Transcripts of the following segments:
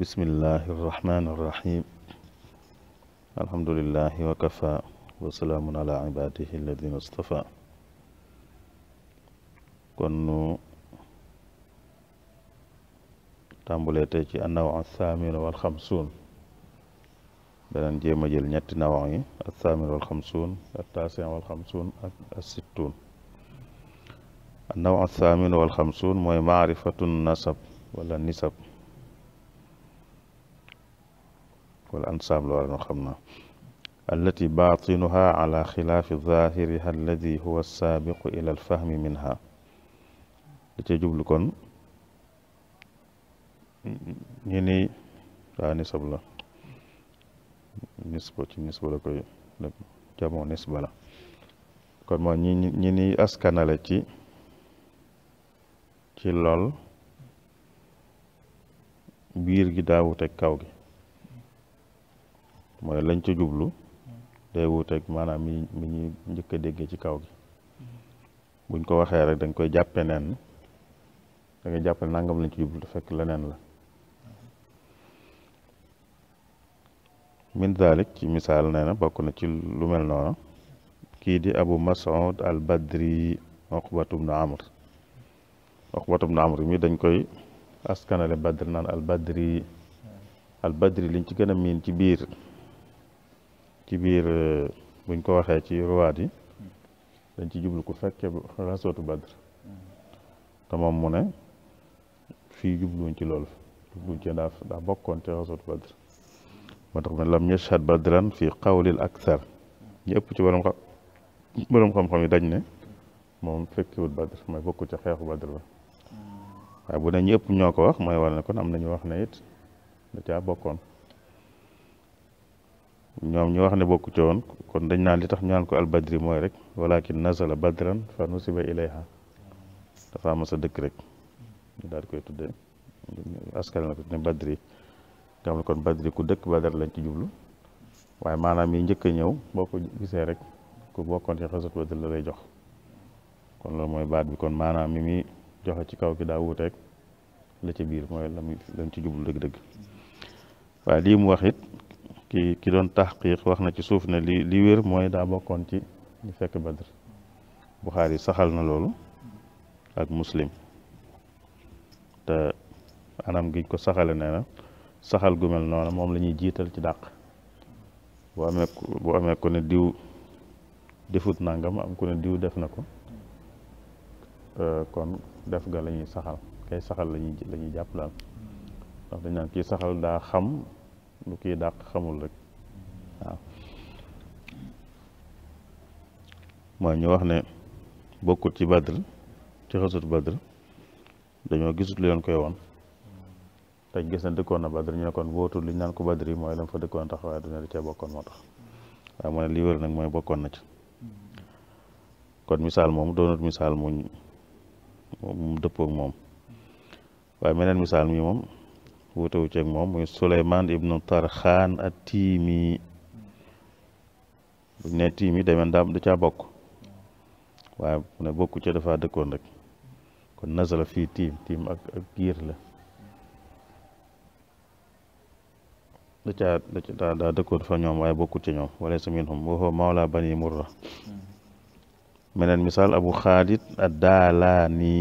بسم الله الرحمن الرحيم الحمد لله وكفى وسلام على عباده الذين اصطفى كنو تامبوليتي النوع الثامن والخمسون بنان جيما جيل نيت نواوي الثامن والخمسون التاسع والخمسون الستون النوع الثامن والخمسون موي معرفه النسب ولا النسب والأنساب لورنا التي باطنها على خلاف ظاهرها الذي هو السابق إلى الفهم منها لتجب لكم يعني يعني سبلا نسبة نسبة لكي جمع نسبة لا كما يعني أسكن لكي كي لول بير جداو تكاوكي mooy lañ ca jublu day wuuteeg maanaam mi mi ñuy njëkk a déggee ci kaw gi buñ ko waxee rek dañ koy jàppee neen da nga jàpp nangam lañ ci jublu te fekk leneen la min dalik ci misaal nee na bokk na ci lu mel noonu kii di abu mas'ud al badri uqbatu bnu amr uqbatu bnu amr mi dañ koy askanale badri naan al badri al badri liñ ci gën a miin ci biir ci biir euh, buñ ko waxee ci ruwaat yi dañ ci jublu ku fekke xasootu badr te moom mu ne fii jubluñ ci loolu jubluñ ci daa bokkoon ci xasootu badr moo tax ma lam yashhad badran fi qawlil akthar ñu ëpp ci borom xam borom xam-xam yi dañ ne moom fekkiwut badr mooy bokku ci xeexu badr ba waaye bu ne ñu ëpp ñoo ko wax mooy war kon am nañu wax ne it da caa bokkoon ñoom ñu wax ne bokku ci woon kon dañ naan li tax ñu naan ko albadri mooy rek walakin nazala badran fa nusiba ilayha dafa am dëkk rek ñu daal koy tudde askan la ko ne badri kon badri ku dëkk badar lañ ci jublu waaye maanaam yi njëkk a ñëw boo gisee rek ku bokkoon lay jox kon loolu mooy baat bi kon maanaam mi muy joxe ci kaw gi daa wuuteeg ci biir mooy la lañ ci jublu dëgg-dëgg waaye lii mu wax it ki ki don tahqiq waxna na ci suuf na li li wér moy da bokon ci fekk badr bukhari saxal na lolu ak muslim ta anam giñ ko saxale nee na saxal gu mel non mom la jital ci dak bo amé bo amé ko ne diw defut nangam am ko ne diw def nako euh kon def ga la saxal kay saxal la ñuy la ñuy dañ nan ki saxal da xam lu kii dàq xamul rek waaw mooy ñu wax ne bokkut ci badr ci xasut badr dañoo gisut lu yoon koy woon te gis na dëkkoon na badr ñu ne kon bootul li ñu naan ko badr yi mooy la fa dëkkoon tax waaye duna di cee bokkoon moo tax waaye mu ne lii wér nag mooy bokkoon na ci kon misaal moom doonut misaal muñ mu dëppoog moom waaye meneen misaal mi moom wuute wu ceeg moom muy Souleymane ibnu Tarxaan at tiimi buñ ne tiimi demeen daam da caa bokk waaye mu ne bokku ca dafa dëkkoon rek kon nasala fii tiim tiim ak ak giir la da caa da caa daa dëkkoon fa ñoom waaye bokku ca ñoom wala sa minhum wa huwa mawla bani murra meneen misaal abu xaalid ad daalaani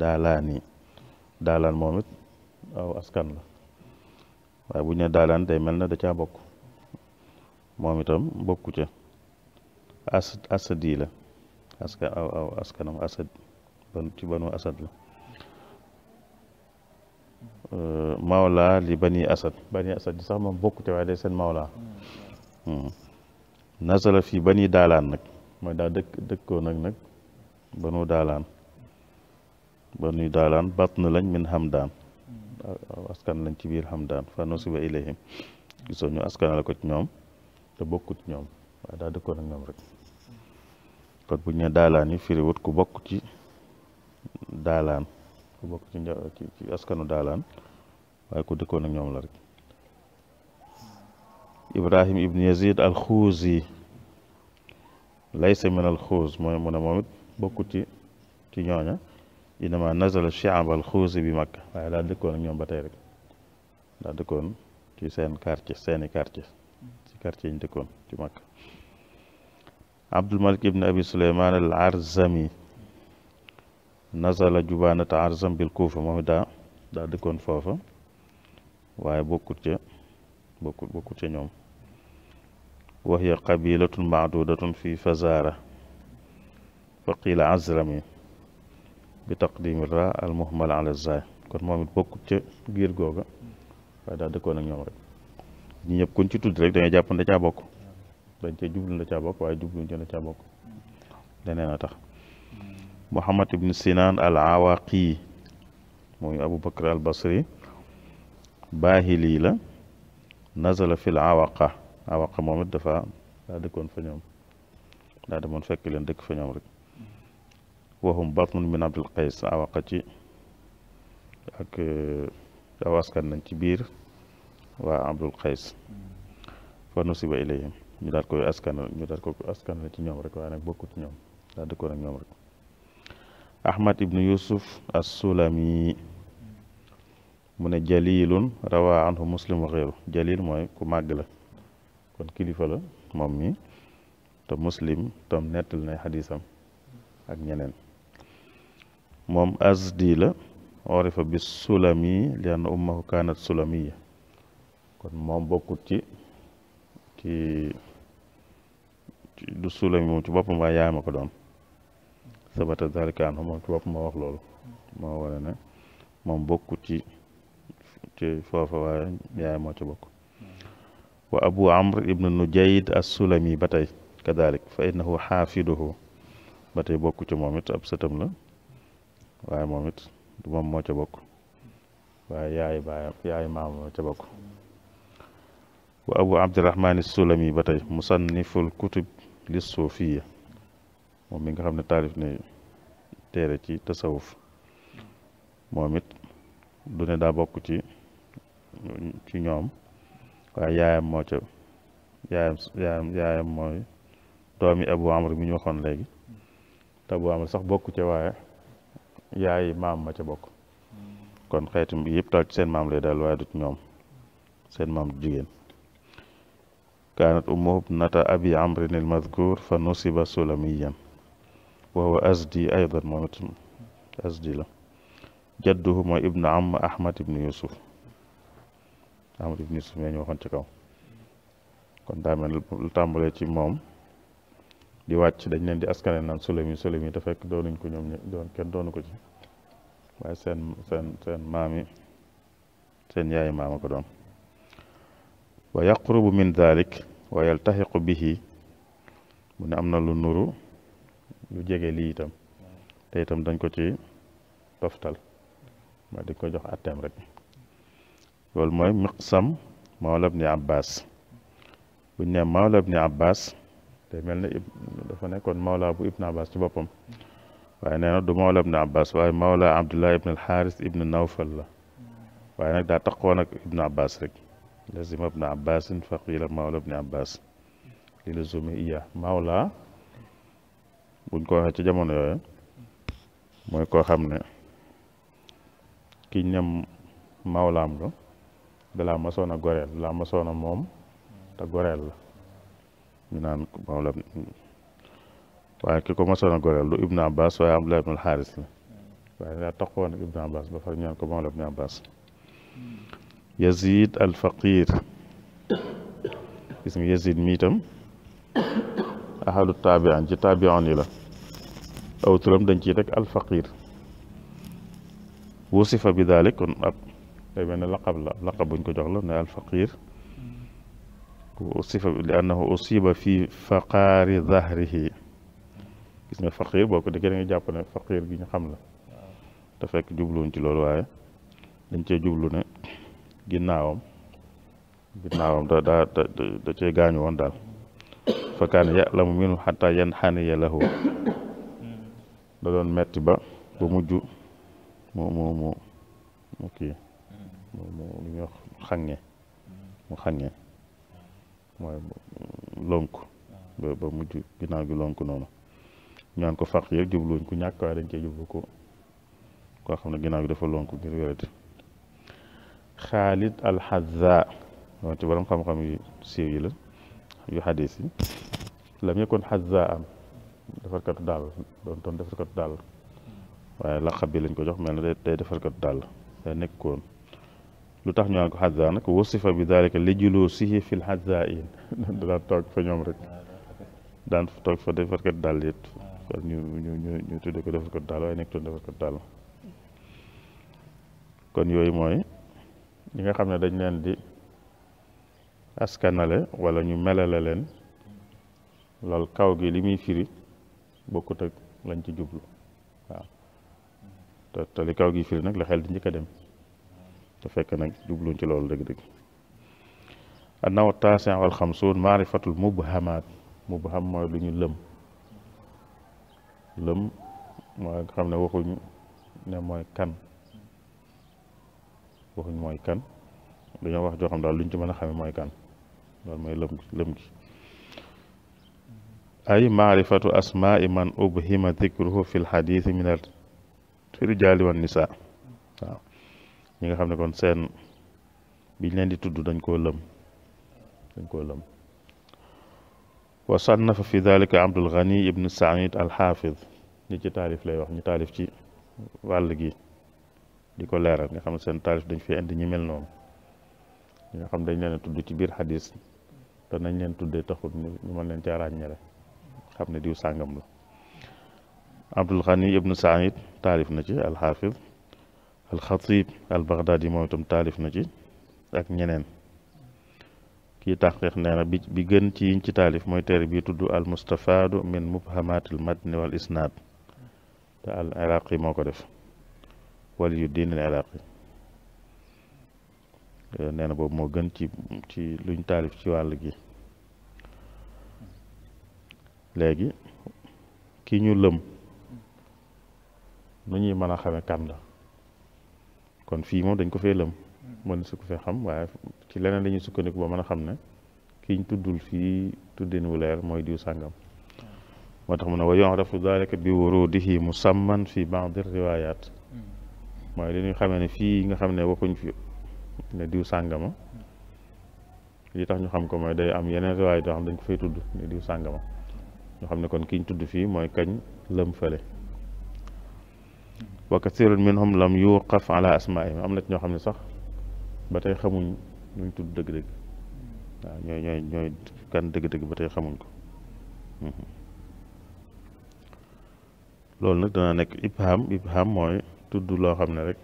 daalaani daalaan moom it aw askan la waaye bu ñu ne daalaan day mel na da caa bokk moom itam bokku ca as asadi la askan aw aw askanam asad ci banu asad la euh, mawla li bani asad bani asad sax moom bokku ca waaye day seen mawla hmm. nasala fii bani daalaan nag mooy daa dëkk dëkkoo nag nag banu daalaan banu daalaan batn lañ min daan askan lañ ci biir xamdaan fa nusiba ilayhim gisoo ñu askan la ko ci ñoom te bokkut ñoom waaye daa dëkkoon ak ñoom rek kon bu ñu nee daalaan wut ku bokk ci daalaan ku bokk ci askanu daalaan waaye ku dëkkoon ak ñoom la rek ibrahim ibn yazid al xuuzi laysa min al xuuz mooy mu ne moom it bokku ci ci إنما نزل الشعب الخوزي بمكة على دكون يوم بترك على دكون كيسين كارتش سين كارتش كارتش دكون في مكة عبد الملك بن أبي سليمان العرزمي نزل جبانة عرزم بالكوفة مهدا على دكون فوفا وهي بوكوتة بوكوت بوكوتة يوم وهي قبيلة معدودة في فزارة فقيل عزرمي بتقديم الراء المهمل على الزاي كون مامي بوك تي غير غوغا دا ديكون اك نيوم ري ني نيب كون تي تود ريك دا نجا دا تيا بوك دا نتي جوبل دا تيا بوك واي جوبل نجا تيا بوك لنينا تخ محمد بن سنان العواقي موي ابو بكر البصري باهلي لا نزل في العواقة عواقة مامي دفا دا ديكون فنيوم دا دمون فك لين ديك فنيوم ري wahum batnun min abdul Qais awaqati ak awaskan nañ ci bir wa abdul qais fa nusiba ilayhim ñu dal koy askan ñu dal ko askan ci ñom rek waaye nak bokku ci da de ko nak ñom rek ahmad ibnu yusuf as-sulami mun jalilun rawa anhu muslim wa ghayru jalil moy ku mag la kon kilifa la mom mi te muslim tam netal na haditham ak ñeneen moom asdi la orifa bi sulami li ann ummahu kanat sulamiya kon moom bokkut ci ki du sulami moom ci bopp ma yaayma ko doon sabata dalika anhu moom ci bopp ma wax loolu moo wane ne moom bokku ci ci foofa waa yaay moo ci bokk wa abu amr ibne nujayd assulami ba tey kadalik fa innahu xaafiduhu ba tey bokk ci moom it ab sëtam la waaye moom it moom moo ca bokk waaye yaay baayam yaay maam moo ca bokk wa abu abdirahmaan sulami ba tey musanniful kutub li Sofiya moom mi nga xam ne taalif ne téere ci tasawuf moom it du ne daa bokk ci ci ñoom waaye yaayam moo ca yaayam yaayam yaayam mooy doomi abu amr mi ñu waxoon léegi te abu amr sax bokku ca waaye yaay maam ma ca bokk kon xeetu bi yëpp daal ci seen maam lay daal waaye du ci ñoom seen maam du jigéen kaanat ummuhu ibnata abi amrin il mazkur fa nusiba sulamiyan wa huwa azdi aydan moom it la jadduhu mooy ibnu am ahmad ibnu yusuf ahmad ibnu yusuf mee ñu waxoon kaw kon daa lu tàmbalee ci moom di wàcc dañ leen di askane naan sulami sulami te fekk doonuñ ko ñoom ñu doon kenn doonu ko ci waaye seen seen seen maam yi seen yaay maama ko doon wa yaqrubu min dalik wa bihi mu ne am na lu nuru lu jege lii itam te itam dañ ko ci toftal ma di ko jox atteem rek loolu mooy miqsam mawla ibni abbas buñ ne mawla ibni abbas te mel ne dafa nekkoon mawla bu ibn abbas ci boppam waaye nee na du mawla ibn abbas waaye mawla abdullah ibn alxaaris ibn nawfal la waaye nag daa taqoon ak ibn abbas rek lazima ibn abbasin faqila mawla ibn abbas li la zumi iya mawla buñ ko waxee ci jamono yooyu mooy koo xam ne ki ñam mawlaam la dalaa masoon a goreel dalaa masoon a moom te goreel la ñu naan moom la waaye ki ko mosoon a goreel lu Ibn Abbas waaye Abdullah ibn al-Xaaris la waaye daa taxoon ak Ibn Abbas ba far ñaan ko moom la Ibn Abbas Yazid al Faqir gis nga Yazid mi itam axalu taabian ci taabian yi la aw turam dañ ciy teg al Faqir wusifa bi daalik kon ab day mel ne laqab la laqab buñ ko jox la ne al Faqir usifa li annahu usiba fi faqaari zahrihi gis nga faqir boo ko déggee da nga jàpp ne faqir gi ñu xam la te fekk jubluwuñ ci loolu waaye dañ cee jublu ne ginnaawam ginnaawam da daa da cee gaañu woon daal fa kaane ya'lamu minhu xataa yanxaniya lahu da doon metti ba ba mujj mu mu mu mu mu mu lu mu xàññe mooy lonk ba mujj ginnaaw gi lonk noonu ñaan ko fàq yeeg jubluwuñ ku ñàkk waaye dañ cee jublu ko koo xam ne ginnaaw gi dafa lonk ngir wérati xaalit alxaza loon ci borom xam-xam yi la yu xadis yi lam yekkoon xaza am defarkatu daal doon toon defarkatu daal waaye laqab bi lañ ko jox mel na day defarkatu daal day nekkoon lu tax ñu naan ko xaddaa nag wasifa bi daalika li julusihi fil xaddaain daan toog fa ñoom rek daan toog fa defarkat daal it ñu ñu ñu ñu tudde ko defarkat daal waaye nekk toon defarkat daal kon yooyu mooy ñi nga xam ne dañ leen di askanale wala ñu melale leen loolu kaw gi li muy firi bokkut ak lañ ci jublu waaw te te li kaw gi firi nag la xel di njëkk a dem te fekk nag jubluñ ci loolu dëgg-dëgg annaw taasin wal xamsuun maarifatul mubhamaat mubham mooy lu ñu lëm lëm mooy nga xam ne waxuñ mooy kan waxuñ mooy kan wax joo xam daal luñ ci mën a xame mooy kan loolu mooy lëm lëm gi ay maarifatu asmaai man ubhima dikruhu fi lxadiisi min al rijaali wan nisaa ñi nga xam ne kon seen biñ leen di tudd dañ koo lëm dañ koo lëm wa sannafa fi dalika abdul ghani ibnu said al xaafid ñi ci taalif lay wax ñu taalif ci wàll gi di ko leeral nga xam ne seen taalif dañ fi indi ñi mel noonu ñi nga xam dañ leen tudd ci biir xadis te leen tuddee taxul ñu mën leen caa ràññale xam ne diw sàngam la abdul ghani ibnu said taalif na ci al الخطيب البغدادي مو توم تالف نجيد اك نينن كي تحقيق نانا بي گن تي نتي تالف موي تير المستفاد من مبهمات المتن والاسناد تاع العراقي موكو ديف ولي الدين العراقي نانا بوب مو گن تي تي لوني تالف تي وال گي لغي كي لم نوني مانا خامي كان kon fii moom dañ ko fee lëm mën su ko fee xam waaye ci leneen la ñuy sukkandiku mën a xam ne kiñ tuddul fii tuddin wu leer mooy diw sàngam moo tax mu ne wa yu'rafu daalika bi wuruudihi musamman fi ba'di riwaayaat mooy li ñuy xamee ne fii nga xam ne waxuñ fi ne diw sàngama li tax ñu xam ko mooy day am yeneen riwaay yoo dañ ko fay tudd ne diw sàngama ñu xam ne kon kiñ tudd fii mooy kañ lëm fële wa kathirun minhum lam yuqaf ala asmaihim am na ci xam ne sax ba tey xamuñ nuñ tudd dëgg-dëgg waaw ñooy ñooy ñooy kan dëgg-dëgg ba tey xamuñ ko mhm. loolu nag dana nekk ibham ibham mooy tudd loo xam ne rek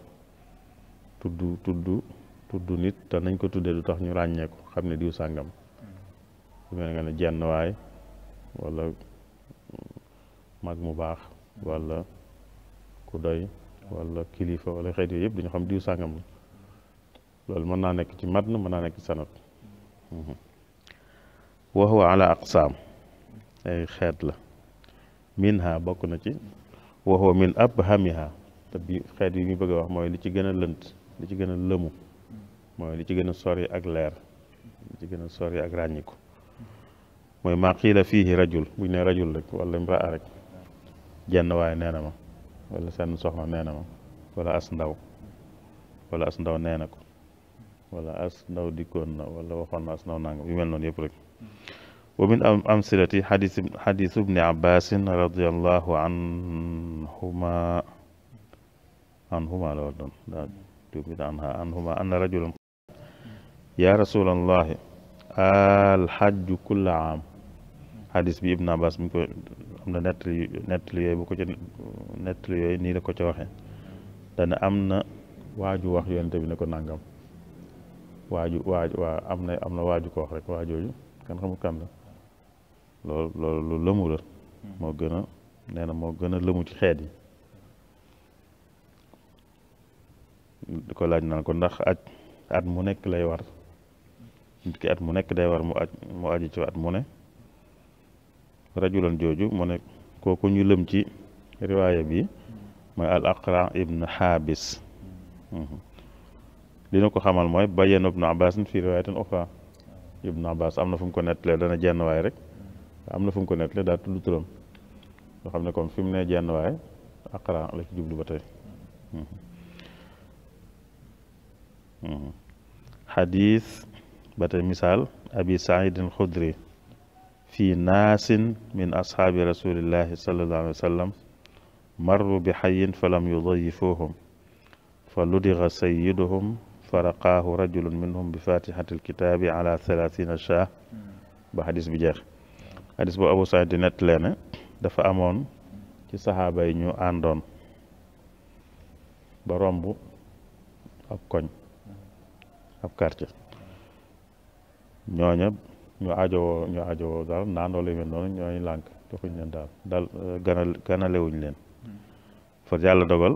tudd tudd tudd nit te nañ ko tuddee du tax ñu ràññee ko xam ne diw sàngam su mel nga ne jenn waay wala mag mu baax wala كوداي ولا كليفة ولا خيري يب دنيا خم ديو سانغام لول منا نك تيمادن منا نك سانوت وهو على أقسام أي خدلا منها بكونة تي وهو من أبهمها تبي خيري مي بعوا ما يلي تيجينا لنت لي تيجينا لمو ما يلي تيجينا سوري أغلير لي تيجينا سوري أغرانيكو ما يما فيه رجل بين رجل لك ولا امرأة لك جنواي نعمة ولا سن صحما نانما ولا أسنداو ولا أسنداو نانكو ولا أسنداو ديكون ولا وخنا أسنداو نانغ يمل نون يبرك ومن أمثلة حديث حديث ابن عباس رضي الله عنهما عنهما لوردن لا تبيد عنها عنهما أن رجلا يا رسول الله الحج كل عام حديث بابن عباس xam ne boo ko ci nettali yooyu nii la ko ca waxee dana am na waaju wax yonente bi ne ko nangam waaju waaju waa am na am na waaju ko wax rek waajooju kan xamul kan la loolu loolu lu lëmu la moo gën a nee na moo gën a lëmu ci xeet yi di ko laaj naan ko ndax aj at mu nekk lay war mu nekk day war mu aj mu aji ci at mu ne rajulan jooju mu ne kooku ñu lëm ci bi mooy al aqra ibn xaabis mhm. li na ko xamal mooy bayyana ibnu abbas fi riwaayatin am na fu mu ko nettalee dana jenn waay rek am na fu ko nettalee daa tudd turam yoo xam ne comme fi mu ne jenn waay aqra la ci jublu ba tey xadiis mhm. mhm. ba tey misaal abi saidin xudri في ناس من أصحاب رسول الله صلى الله عليه وسلم مروا بحي فلم يضيفوهم فلدغ سيدهم فرقاه رجل منهم بفاتحة الكتاب على ثلاثين شاه بحديث بجاه حديث بو أبو سعيد نتلين دفع أمون كي صحابة ينو أندون برومبو أبقون أبكارتي نيوانيب ñu aajo ñu aajo daal naandoo la mel noonu ñooy lànk joxuñ leen daal daal eh, gana ganalewuñ leen hmm. far yàlla dogal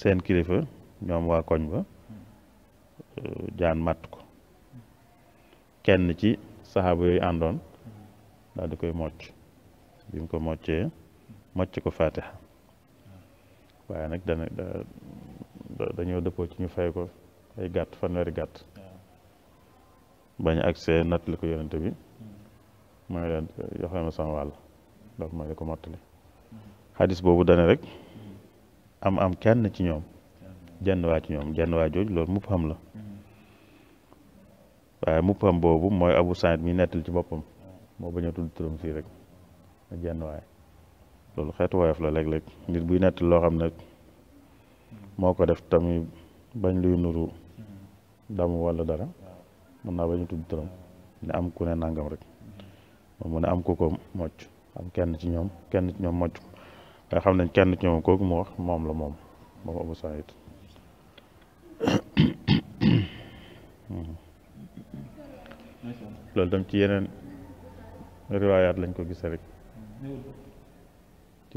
seen kilifa ñoom waa koñ ba eh, jaan matt ko kenn ci saxaaba yooyu àndoon daal di koy mocc bi mu ko moccee mocc ko faatiha waaye nag dana dañoo dëppoo ci ñu fay ko ay gàtt fanweeri gàtt bañ ak see nattali ko yonente bi mooy leen leen ma sama wàll loolu mooy li ko mottali xadis boobu dane rek am am kenn ci ñoom jenn waa ci ñoom jenn waa jooju loolu mupp xam la waaye mupp xam boobu mooy abu saïd mi nettali ci boppam moo bañ a tudd turam rek jenn waay loolu xeetu woyof la léeg-léeg ngir buy nettali loo xam ne moo ko def tamit bañ luy nuru damu walla dara mën naa bañ a tudd turam ne am ku ne nangam rek moom mu ne am ku ko mocc am kenn ci ñoom kenn ci ñoom mocc ko xam ne kenn ci ñoom kooku mu wax moom la moom moom Abu Saïd loolu tam ci yeneen riwaayaat lañ ko gisee rek ci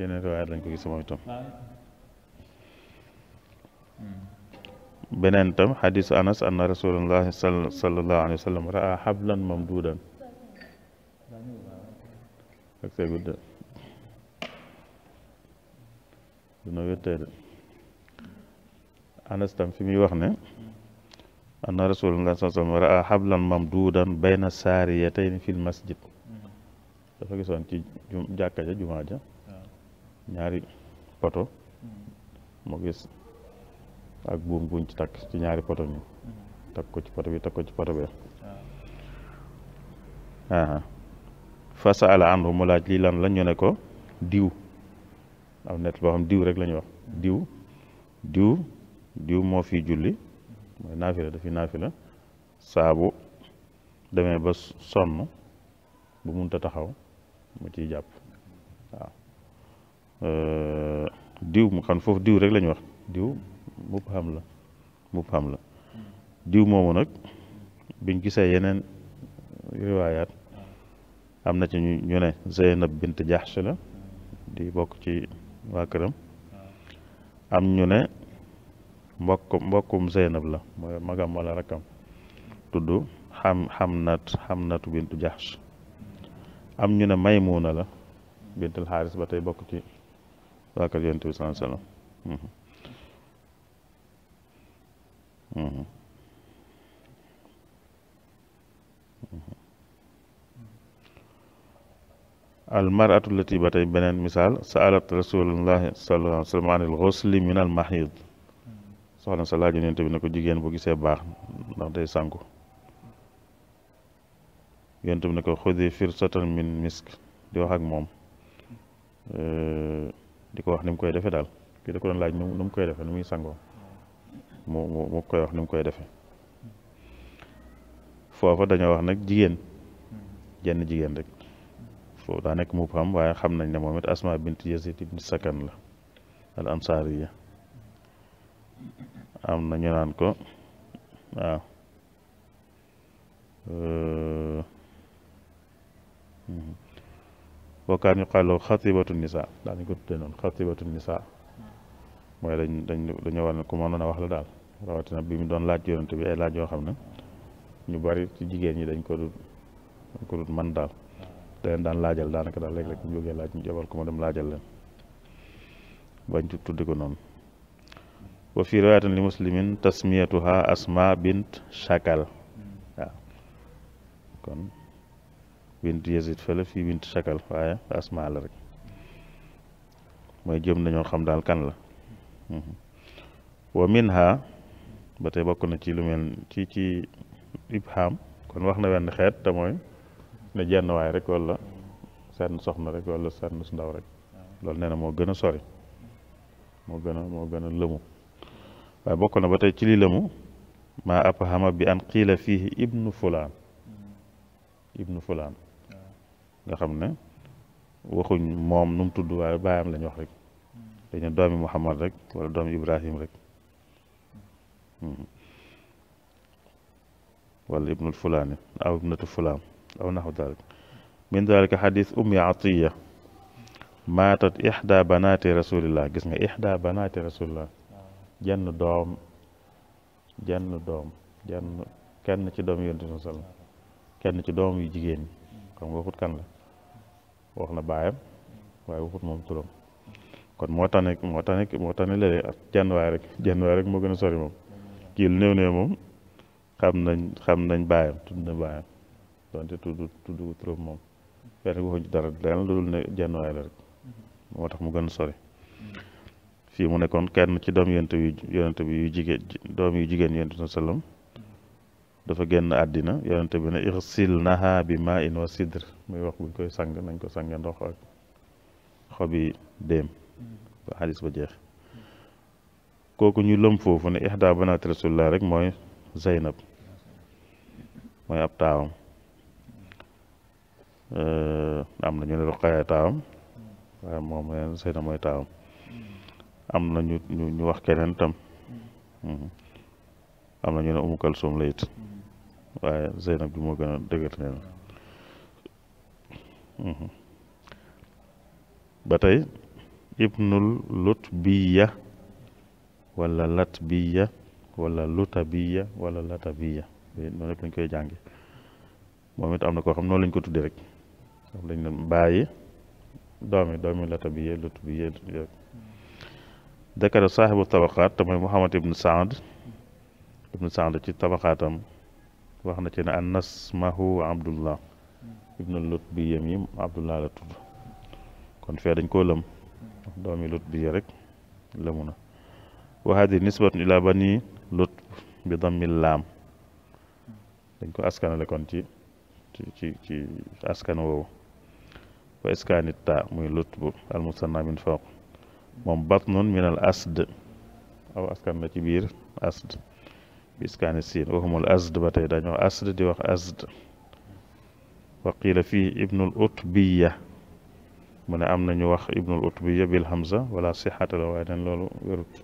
lañ ko gisee moom beneen tam xadisu anas anna rasulullahi sallallahu alayhi wa sallam raa xablan mamduudan ak see gudd duna wéttee anas tam fi muy wax ne anna rasulullahi sallallahu alayhi wa sallam raa xablan mamduudan bayna saariyatayn fil masjid dafa gisoon ci jàkka ja jumaa ja ñaari poto mu gis ak buum buñ ci takk ci ñaari poto ni takk ko ci poto bi takk ko ci poto bi aa fa saala mu laaj lii lan la ñu ne ko diw am net boo xam diw rek la wax diw diw diw moo fi julli mooy naafila naafi naafila saabu demee ba sonn bu munta taxaw mu ci jàpp waaw diw mu xam foofu diw rek la ñuy wax diw mubham la mubham la diw moomu nag biñ gisee yeneen riwaayaat am na ci ñu ne Zeynab bint Jahsh la di bokk ci waa këram am ñu ne mbokk mbokkum Zeynab la mooy magam wala rakkam tudd ham xam naat xam naatu bintu Jahsh am ñu ne Maymuna la bintul Xaaris ba tey bokk ci waa kër Yonent bi sallallahu alayhi wa sallam mhm. Mm-hmm. Mm-hmm. almaratu lati ba tey beneen misaal saalat rasulullahi sallallahu alayhi wa sallam anil ghusli min al mahid soxna sa laaj yonent bi na ko jigéen boo gisee baax ndax day sanku yonent bi ne ko xudi firsatan min misk di wax ak moom di ko wax ni mu koy defee daal kii da ko doon laaj nu mu koy defee nu muy sangoo moo mu koy wax ni mu koy defe foofa dañoo wax nag jigéen jenn jigéen rek foofu daa nekk mu xam waaye xam nañ ne moom it asma bint i ibn sakan la al ansaariya am na ñu ko waaw mhm. wakaan yuqaal lahu xatibatu nisa daal ñu ko tuddee noonu xatibatu nisa mooy dañ dañ dañoo war ne ku mënoon a wax la daal rawatina bi mu doon laaj yonent bi ay laaj yoo xam ne ñu bari ci jigéen ñi dañ ko dut man daal da leen laajal daanaka daal léeg-léeg ñu jógee laaj ñu jabal ko ma dem laajal leen bañ ci tuddi ko noonu wa fi li muslimin tasmiyatuha asma bint shakal waaw kon bint waaye asma la rek mooy jëm nañoo xam daal kan la mhm. wa minha ba tey bokk na ci lu mel ci ci ibham kon wax na wenn xeet te mooy ne jenn waay rek wala senn soxna rek wala senn si ndaw rek loolu nee na moo gën a sori moo gën a moo gën a lëmu waaye bokk na ba tey ci li lëmu maa abhama bi an qiila fiihi ibnu fulaan ibnu fulaan nga xam ne waxuñ moom nu mu tudd waaye baayam lañ wax rek dañu doomi muhammad rek wala doomi ibrahim rek Mm-hmm. wala ibnul fulaani aw ibnatu fulaam aw naxu dalik min dalika ummi atiya maatat ixda banaati rasulillah gis nga ixda banaati rasulillah jenn doom jenn doom jenn kenn ci doom yonent ci doom yu jigéen ñi xam nga waxut kan la wax na baayam waaye waxut moom turam kon moo tax ne moo tax ne moo tax ne rek jenn rek moo gën a sori moom kil néew néew moom xam nañ xam nañ baayam tudd na baayam donte tudd tudd ko trop moom benn rek moo tax mu gën a fii mu nekkoon kenn ci doom yonent bi yonent bi yu jigéen doom yu jigéen yonent bi sallam dafa génn àddina yonent bi ne irsil naha bi ma in wa sidr muy wax buñ koy sang nañ ko sange ndox ak xobi déem ba xadis ba jeex kooku ñu lëm foofu ne ixda banaat rasulillah rek mooy Zeynab mooy ab taawam am na ñu ne Ruqaya taawam waaye moom leen Zeynab mooy taawam am na ñu am na ñu ne Umu Kalsum la it waaye Zeynab bi moo gën a dëgër ba tey ibnul lut biya wala latbiya wala lutabiya wala latabiya noonu rek lañ koy jànge moom it am na koo xam noonu lañ ko tuddee rek sax dañ leen bàyyi doomi doomi latabiya lutbiya dakara saaxibu tabaqaat te mooy Muhammad ibn Saad ibn Saad ci tabaqaatam wax na ci ne an nasmahu abdullah ibnu lut bi yem yi abdullah la tudd kon fee dañ koo lëm doomi lut bi rek lëmu na وهذه نسبة إلى بني لوط بضم اللام دنجو أسكان لكون تي تي تي أسكان وو وإسكان التاء مي لوط المثنى من فوق مم بطن من الأسد أو أسكان لا كبير أسد بإسكان السين وهم الأسد باتاي دانيو أسد دي واخ أسد وقيل فيه ابن الأطبية من أمنا نيو واخ ابن الأطبية بالهمزة ولا صحة لو لولو ويروت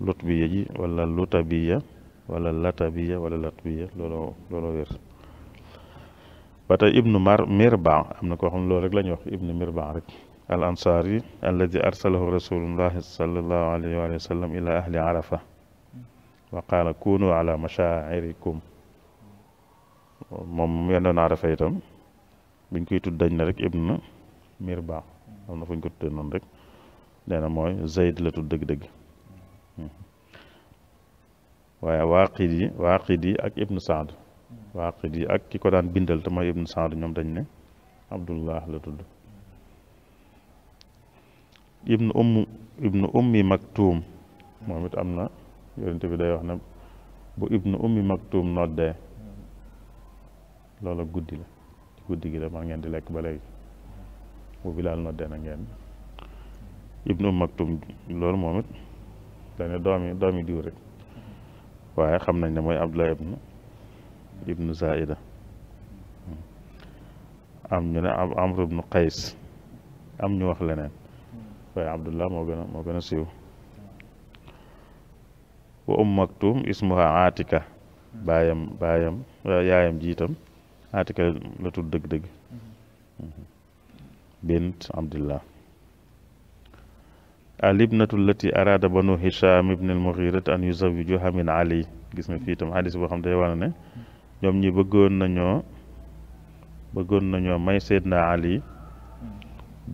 lutbiya ji wala lutabiya wala latabiya wala latbiya looloo looloo wér ba tey ibnu mar mirban am na koo xam ne loolu rek la ñuy wax ibnu mirban rek al ansaari alladi arsalahu rasulullahi salallahu alayhi wa sallam ila ahli arafa wa qaala kunu ala mashaa'irikum moom yendoon arafa itam biñ koy tudd dañ na rek ibnu mirban am na fu ñu ko tuddee noonu rek nee na mooy zayd la tudd dëgg-dëgg waaye waaqid yi waaqid yi ak ibnu saad waaqid yi ak ki ko daan bindal te mooy ibnu saad ñoom dañ ne abdullah la tudd ibnu umm ibnu ummi maktuum moom it am na yonente bi day wax na bu ibnu ummi maktuum noddee loola guddi la guddi gi la ngeen di lekk ba léegi bu bilaal noddee na ngeen ibnu ummi maktuum loolu moom it dane doomi doomi diw rek waaye xam nañ ne mooy abdullah ibnu ibnu zaida am ñu ne amr ibnu qays am ñu wax leneen waaye abdullah moo gën a moo gën a siiw wa um maktum ismuha aatika baayam baayam yaayam jiitam aatika la tudd dëgg-dëgg bint abdullah alibnatu lati araada banu hisham ibn al mughirat an yuzawijuha min ali gis nga fii itam xadis boo xam day wane ne ñoom ñi bëggoon nañoo bëggoon nañoo may seydna ali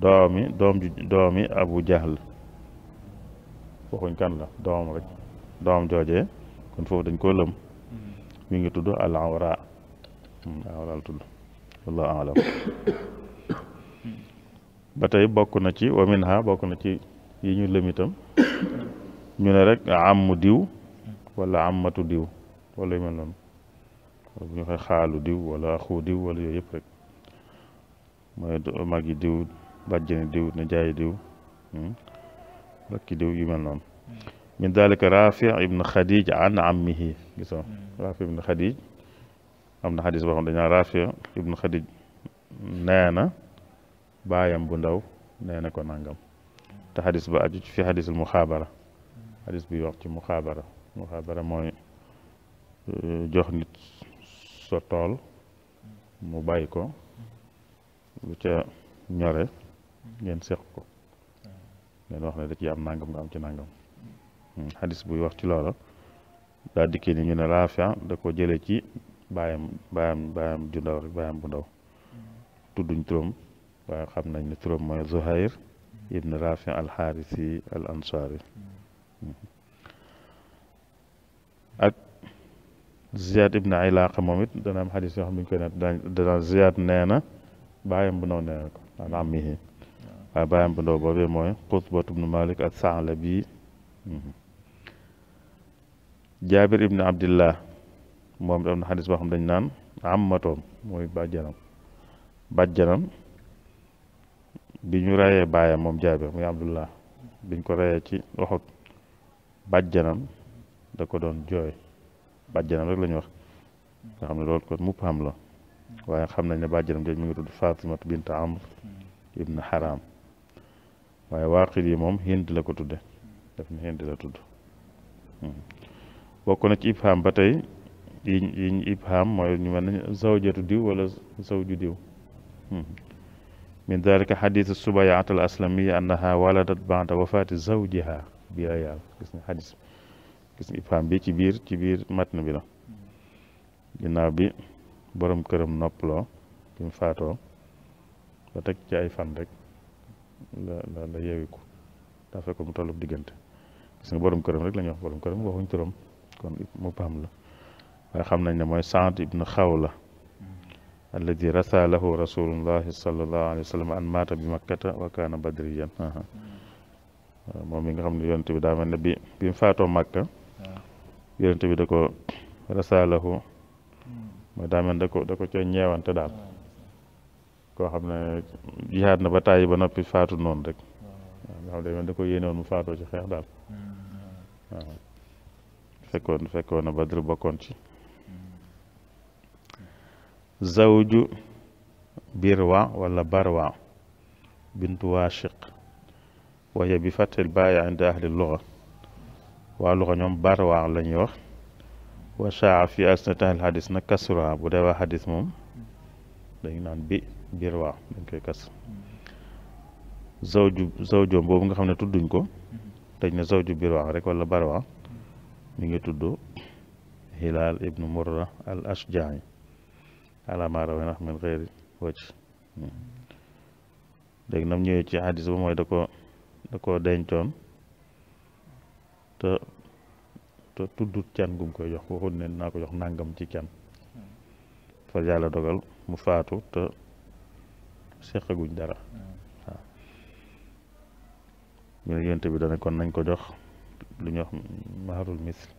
doomi doom ju doomi abu jahl waxuñ kan la doom rek doom joojee kon foofu dañ koo lëm mi ngi tudd al hmm, awra ba tey bokk na ci wa minha bokk na ci yi ñu lëm itam ñu ne rek amu diw wala amatu diw wala yu mel noonu wala bu ñu waxee xaalu diw wala xuu diw wala yooyu yëpp rek mooy mag yi diw bàjjani diw ne jaayi diw rakki diw yu mel noonu min dalika rafi ibn xadij an ammihi gisoo rafi ibn xadij am na xadis boo xam dañaa rafi ibn xadij nee na baayam bu ndaw nee na ko nangam te xadis ba aju ci fi mu muxaabara xadis bi wax ci mu mu muxaabara mooy euh, jox nit sa tool mu bàyyi ko lu ca ñore ngeen seq ko ngeen wax ne da ci am nangam nga am ci nangam hmm, xadis buy wax ci loola daa dikkee ni ñu ne rafia da ko jële ci baayam baayam baayam ju ndaw rek baayam bu ndaw tudduñ turam waaye xam nañ ne turam mooy Zuhair ابن رافع الحارثي الأنصاري ak Ziyaad ibn Ilaqa moom it dana am xadis yoo xam ne ñu koy ne dana Ziyaad nee na bàyyam bu ndaw nee na ko an ammihi waaye bàyyam bu ndaw boobee mooy Qutbat ibn Malik ak Saalabi Jaabir ibn Abdillah moom it am na xadis boo xam dañ naan ammatoom mooy bàjjanam bàjjanam bi ñu rayee baayam moom jaabir muy abdullah biñ ko rayee ci loxo bàjjanam da ko doon jooy bàjjanam rek la ñu wax nga xam ne loolu kon mupp xam la waaye xam nañ ne bàjjanam jooju mi ngi tudd Fatimatu bint Amr ibn Haram waaye waaqid yi moom hind la ko tudde daf ne hind la tudd hmm. bokk na ci ibham ba tey yiñ yiñ ibham mooy ñu mel ne zawjatu diw wala zawju diw hmm. min dalika xadisu subayaat al aslamiya annaha waladat bada wafaati zawjiha bi ayaal gis nga xadis gis nga ifham ci biir ci biir matn bi la ginnaaw këram noppaloo faatoo ba ci ay fan rek la la la yeewiku daa nga borom këram rek la ñuy wax borom këram kon mu pam la waaye xam nañ ne mooy sant ibnu xaw la alladi rasalahu rasulullahi sallallahu alayhi wa sallam an maata bi makkata wa kaana moom mi nga xam ne yonent bi daa mel ne bi bi mu faatoo màkka yonent bi da ko rasalahu mm. mooy ne da ko da daal koo xam ne jihaad na ba tàyyi ba noppi faatu noon rek nga xam ne man da ko yéene woon mu faatoo ci xeex daal mm-hmm. fekkoon fekkoon na Badr bokkoon ci زوج بروا ولا بروا بنت واشق وهي بفتح الباء عند أهل اللغة ولغة نيوم بروا لن يوخ وشاع في أثناء الحديث نكسرها بدأ حديث موم لأن بي بروا من كيكس زوج زوج بوم خمنا تدنكو تجنا زوج بروا رك ولا بروا من يتدو هلال ابن مرة الأشجعي ala maa rawaynaa min xeeri wacc léegi nam ñëwee ci xadis ba mooy da ko da koo dencoon te te can gum koy jox waxut ne naa ko jox nangam ci can far yàlla dogal mu faatu te seqaguñ dara waaw ñu ne bi dana kon nañ ko jox lu ñu wax maharul misl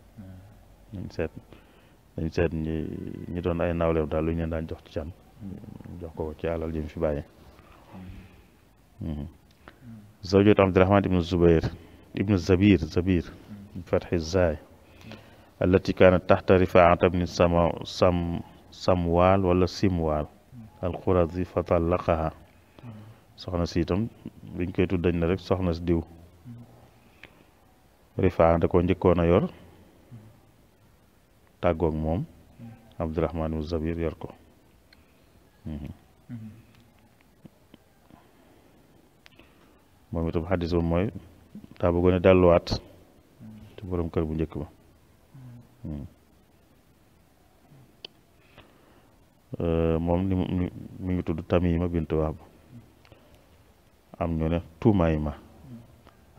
nañ seet dañ seet ñi ñi doon ay nawleem daal lu ñu leen daan jox can jox ko ci alal ji mu fi bàyyi hmm. zawjatu abdurahman ibnu zubair ibnu zabir zabir fatxi zaay allati kaanat taxta rifaata bni sama sam samwaal wala simwaal alxurazi fa tallaqaha soxna si itam biñ koy tudd dañ na rek soxna si diw hmm. rifaata ko njëkkoon yor tàggoog moom Abdurahmaan wu Zabir yor ko mhm. moom itam xaddis ba mooy daa bëggoon a delluwaat te borom kër bu njëkk ba mhm. euh, moom ni ngi tudd Tamima bint Wahb am ñu ne ma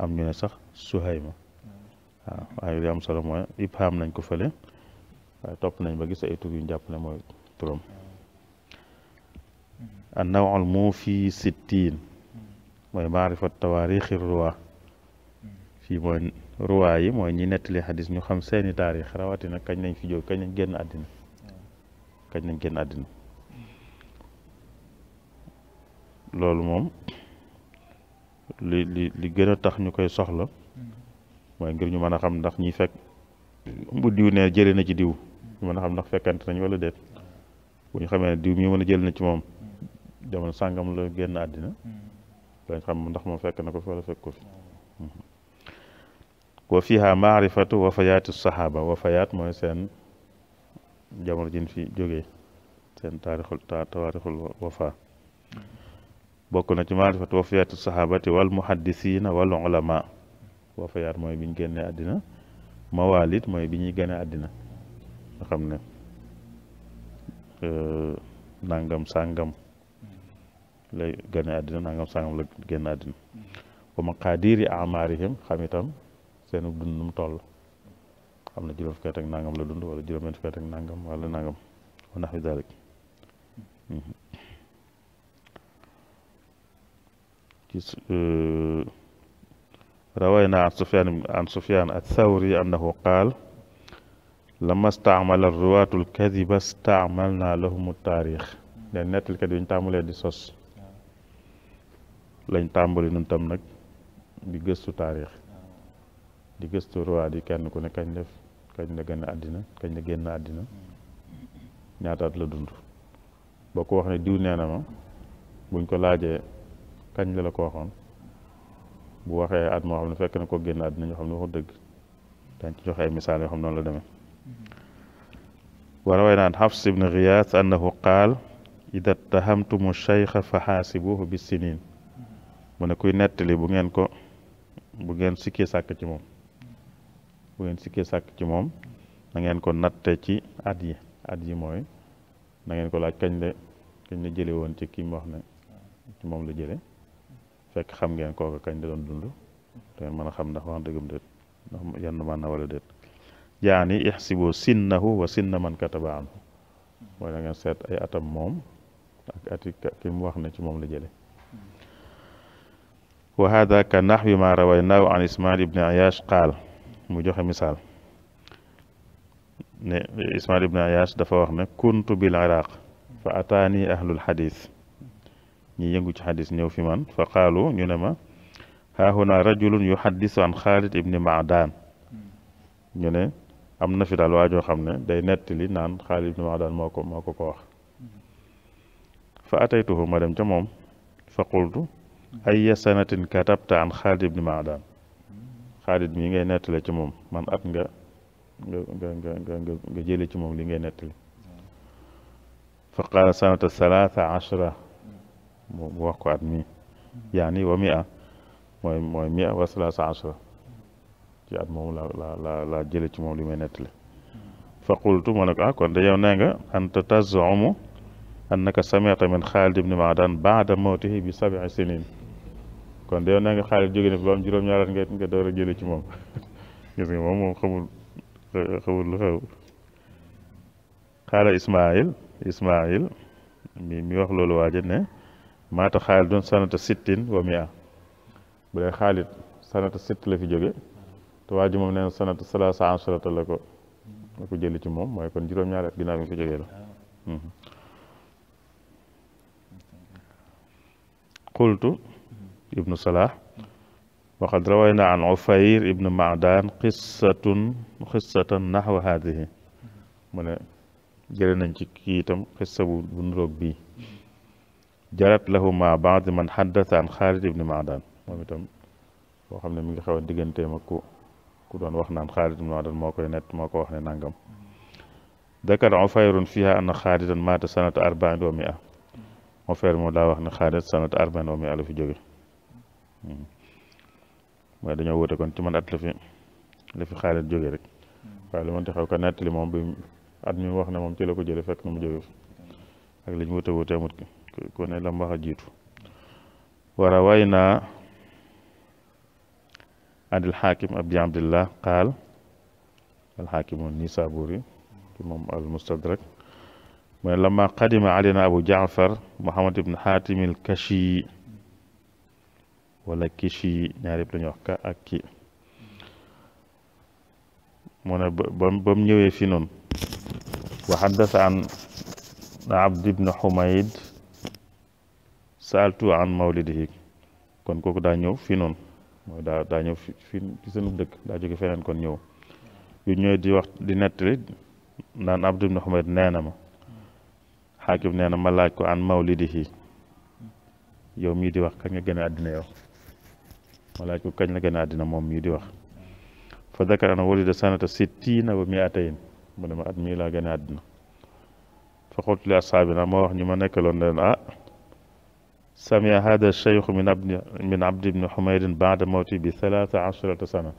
am ñu ne sax Suhayma waaw waaye li am solo mooy ibhaam nañ ko fële waaye topp nañ ba gis ay tur yu jàpp na mooy turam an nawul fii sittiin mooy maarifat tawaarixi ruwa fii mooy ruwa yi mooy ñi nettali xadis ñu xam seeni taarix rawatina kañ nañ fi jóg kañ lañ génn àddina kañ nañ génn àddina loolu moom li li li gën a tax ñu koy soxla mooy ngir ñu mën a xam ndax ñiy fekk bu diw ne jëlee na ci diw mën a xam ndax fekkante nañ wala ñu xamee ne diw mi a na ci moom jamono sàngam la génn hmm. xam ndax moom fekk na ko fi wala fekk hmm. mooy seen jamono fi jógee na ci maarifatu wafayaati saxaabati wal muhaddisiina wal ulama mooy biñ ñu génnee àddina ñuy génne àddina xam ne euh, nangam sàngam lay gane àddina nangam sàngam la génn àddina ba ma xaadiri amaarihim xam itam seen dund nu xam ne juróom fukki at ak nangam la dund wala juróom fukki at ak nangam wala nangam wa naxwi dalik mm-hmm. euh, rawaynaa an Sufyaan an Sufyaan ath-Thawri annahu qaal لما استعمل الرواة الكذبة استعملنا لهم التاريخ لأن نتلك دين تعمل هذه الصوص لين تعمل إن تمنك بجس التاريخ بجس الرواة دي كان نكون كان نف كان نجنا أدينا كان نجنا أدينا نعتاد لدند بكو أخني دوني أنا ما بقول كلاجة كان يلا كو أخن بوأخي أدم أخن فكنا كو جنا أدينا يخلنا هو دك تانتي جو خير مثال يخلنا وروينا عن حفص بن غياث أنه قال إذا اتهمتم الشيخ فحاسبوه بالسنين mu ne kuy nettali bu ngeen ko bu ngeen sikkee sàkk ci moom bu ngeen sikkee sàkk ci moom na ko natte ci at yi at yi mooy na ko laaj kañ la kañ la jële woon ci kii mu wax ne ci moom la jële fekk xam ngeen kooka kañ le doon dund da mën a xam ndax wax dëggam déet ndax yenn mën na wala déet يعني احسبوا سنه وسن من كتب عنه ولا غن سيت اي اتام موم اك اتي كيم واخنا سي موم لا جيلي وهذا كنحو ما رويناه عن اسماعيل بن عياش قال مو جوخي مثال اسماعيل بن عياش دا فا كنت بالعراق فاتاني اهل الحديث ني ييغو سي حديث نيو في مان فقالوا ني نما ها هنا رجل يحدث عن خالد بن معدان ني أنا في دالوا جو خامنة داي نتلي نان خالد نوادا ماكو ماكو كوه فأتيته مدام جموم فقلت أي سنة كتبت عن خالد بن معدا خالد مي غي نتلي جموم من أب نغا نغا نغا نغا نغا نغا جيلي جموم لي غي نتلي فقال سنة الثلاثة عشرة مو وقعت مي يعني ومئة مو مئة وثلاثة عشرة fukki at moom laa la la laa jële ci moom li may nettali fa qultu ma ko ah kon de yow nee nga anta tazumu annaka sami'ta min xaalid ibni maadan baada mawtihi nga xaalid jóge door a jële ci moom gis nga moom moom xamul xew xaala ismail ismail mi wax loolu waaja ne maata xaalid doon sanata sittin wa mia bu dee xaalid sanata sitt la fi jóge te waa moom nee na sanatu salaasa asharata la ko la ko jëli ci moom mooy kon juróom-ñaari at ginnaaw bi nga ko jógee la qultu ibnu salah waqad rawayna an ufayr ibnu maadan qissatun qissatan nahwa haadihi mu ne nañ ci kii itam xissa bu bu nuroog bii jarat lahu ma baadi man xaddata an xaalid ibnu maadan moom itam boo xam ne mi ngi xaw a digganteem ak ku كودون وخنان خالد بن عدن موكو نيت موكو وخني نانغام ذكر عفير فيها ان خالد مات سنه 400 عفير مو دا وخني خالد سنه 400 الف جوغي ما دا نيو ووتو كون تي مان اتلفي لفي خالد جوغي رك قال مون تي خاو كان نات لي موم بي ادمي وخني موم تي لاكو جيلي فك نمو جوغي اك لي نيو ووتو ووتو مود كون لا مخا جيتو ورواينا عن الحاكم أبي عبد الله قال الحاكم النيسابوري إمام المستدرك لما قدم علينا أبو جعفر محمد بن حاتم الكشي ولا كشي نعرف لنيوكا أكي من بم نيوي في نون وحدث عن عبد بن حميد سألت عن مولده كان كوكو دانيو نيو في نون mooy daa daa ñëw fi fi ci dëkk daa jóge feneen kon ñëw yu ñëwee di wax di nettali naan Abdu ibn Humayd nee na ma xaakim nee na ma laaj ko an mawlidihi yow mii di wax kañ la gën a àddina yow ma laaj ko kañ la gën a àddina moom mii di wax fa dakar ana walida sanata sittiina wa miatayn mu ne ma at mii laa gën a àddina fa xultu li asxaabi moo wax ñu ma nekkaloon ne leen ah سمع هذا الشيخ من ابن من عبد بن حمير بعد موته بثلاث عشرة سنة.